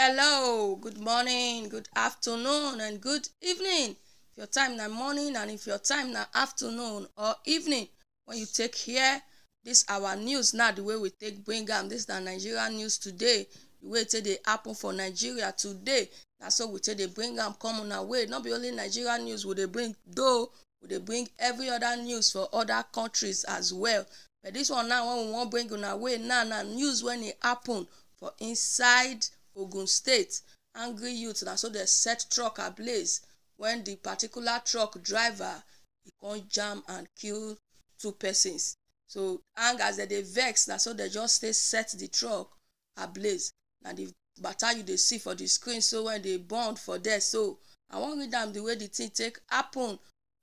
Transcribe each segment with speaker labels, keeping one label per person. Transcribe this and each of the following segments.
Speaker 1: Hello, good morning, good afternoon, and good evening. If your time na morning and if your time na afternoon or evening, when you take here, this our news now, the way we take bring them. this the Nigerian news today, the way take they happen for Nigeria today, That's so we take they bring them come on our way. Not be only Nigerian news we they bring, though we they bring every other news for other countries as well. But this one now, when we wan bring on our way now, now news when e happen for inside ogun state angry youths na so dem set truck ablaze wen di particular truck driver e come jam and kill two persons so hang as dem dey vex na so dem just stay set di truck ablaze na di matter you dey see for di screen so wen dey burn for there so i wan read am di way di thing take happen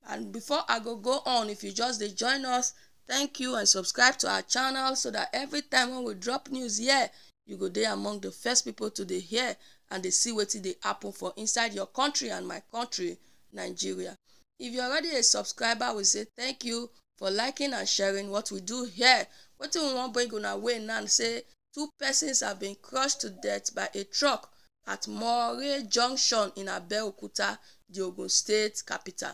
Speaker 1: and before i go go on if you just dey join us thank you and subscribe to our channel so that every time when we drop news here you go dey among the first people to dey hear and dey see wetin dey happen for inside your country and my country nigeria if you already a subscriber we say thank you for liking and sharing what we do here wetin we wan bring una way now say two persons have been crushed to death by a truck at Moore Junction in Abeokuta, the Ogun State capital.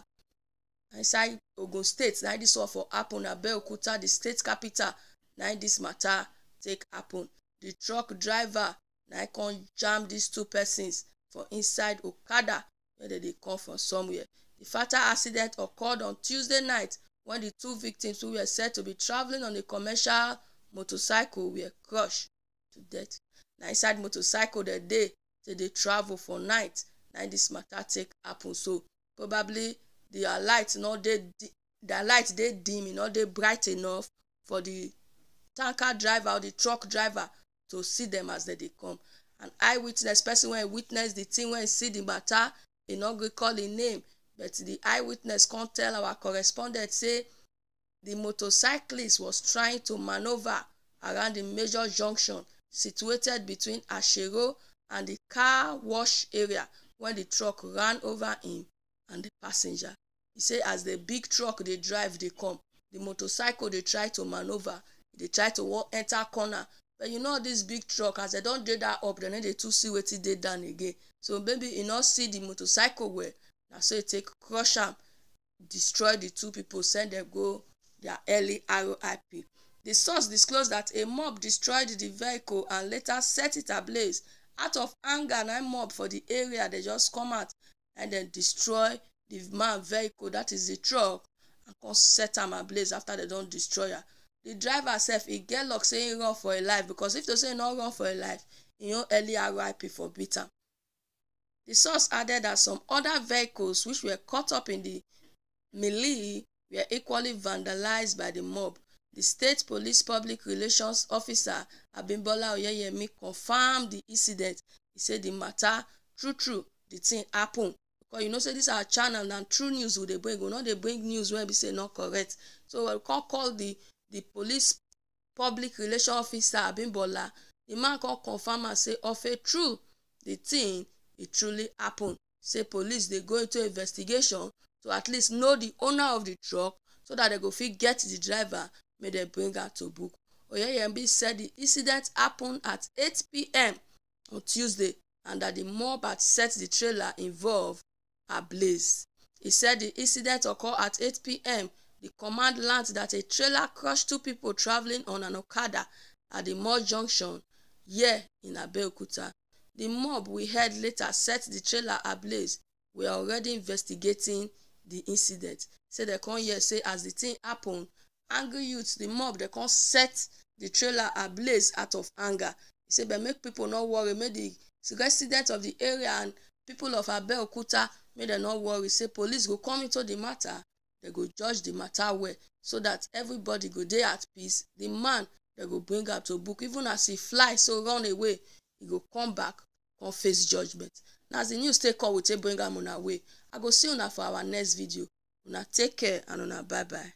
Speaker 1: Inside Ogun State, na this one for happen Abeokuta, the state capital, na this matter take happen. The truck driver na come jam these two persons for inside okada wey dem dey come from somewhere. The fatal accident occurred on Tuesday night when the two victims who were said to be traveling on a commercial motorcycle were crushed to death. Na inside motorcycle dem dey dem dey travel for night na this matter take happen so. Probably their light no dey their light dey dim, e no dey bright enough for the tanker driver or the truck driver to see them as they dey come an eyewitness person wey witness di tin wey see the matter e no gree call im e name but the eyewitness come tell our correspondent say the motorcyclist was trying to manoeuvre around the major junction situated between ashero and the car wash area when the truck ran over him and the passenger He say as the big truck dey drive dey come the motorcycle dey try to manoeuvre e dey try to enter corner but you know this big truck as dem don dey dat up Then they dey too see wetin dey done again so maybe e no see the motorcycle well na so e take crush am destroy the two people. send them go their early roip The source disclosed that a mob destroyed the vehicle and later set it ablaze out of anger na mob for the area they just come out and then destroy the man vehicle That is the truck and come set am ablaze after they don't destroy it di driver sef e get luck say e run for e life because if to say e no run for e life e own early rip for beat am di source added that some oda vehicles which were caught up in di melee were equally vandalised by di mob di state police public relations officer abimbola oyeyemi confam di incident e say di mata true true di tin happun because you know say dis our channel na true news we dey bring we no dey bring news wey be say e no correct so we con call di di police public relations officer abimbola man, nimako confam am say ofay true di tin e truly happun say police dey go into investigation to at least know di owner of di truck so dat dem go fit get di driver make dem bring am to book oyeyembi said di incident happun at 8pm on tuesday and dat di mob had set di trailer involved ablaze e said di incident occur at 8pm The command lands that a trailer crushed two people traveling on an Okada at the mall junction here in Abeokuta. The mob we heard later set the trailer ablaze. We are already investigating the incident. Say they come here, say as the thing happened, angry youths, the mob, they come set the trailer ablaze out of anger. He said, but make people not worry, make the residents of the area and people of Abeokuta, make them not worry. Say police will come into the matter They go judge the matter well so that everybody go dey at peace The man dem go bring am to book even as he fly so run away he go come back come face judgment. na as di news take come we take bring am una way i go see una for our next video una take care and una bye bye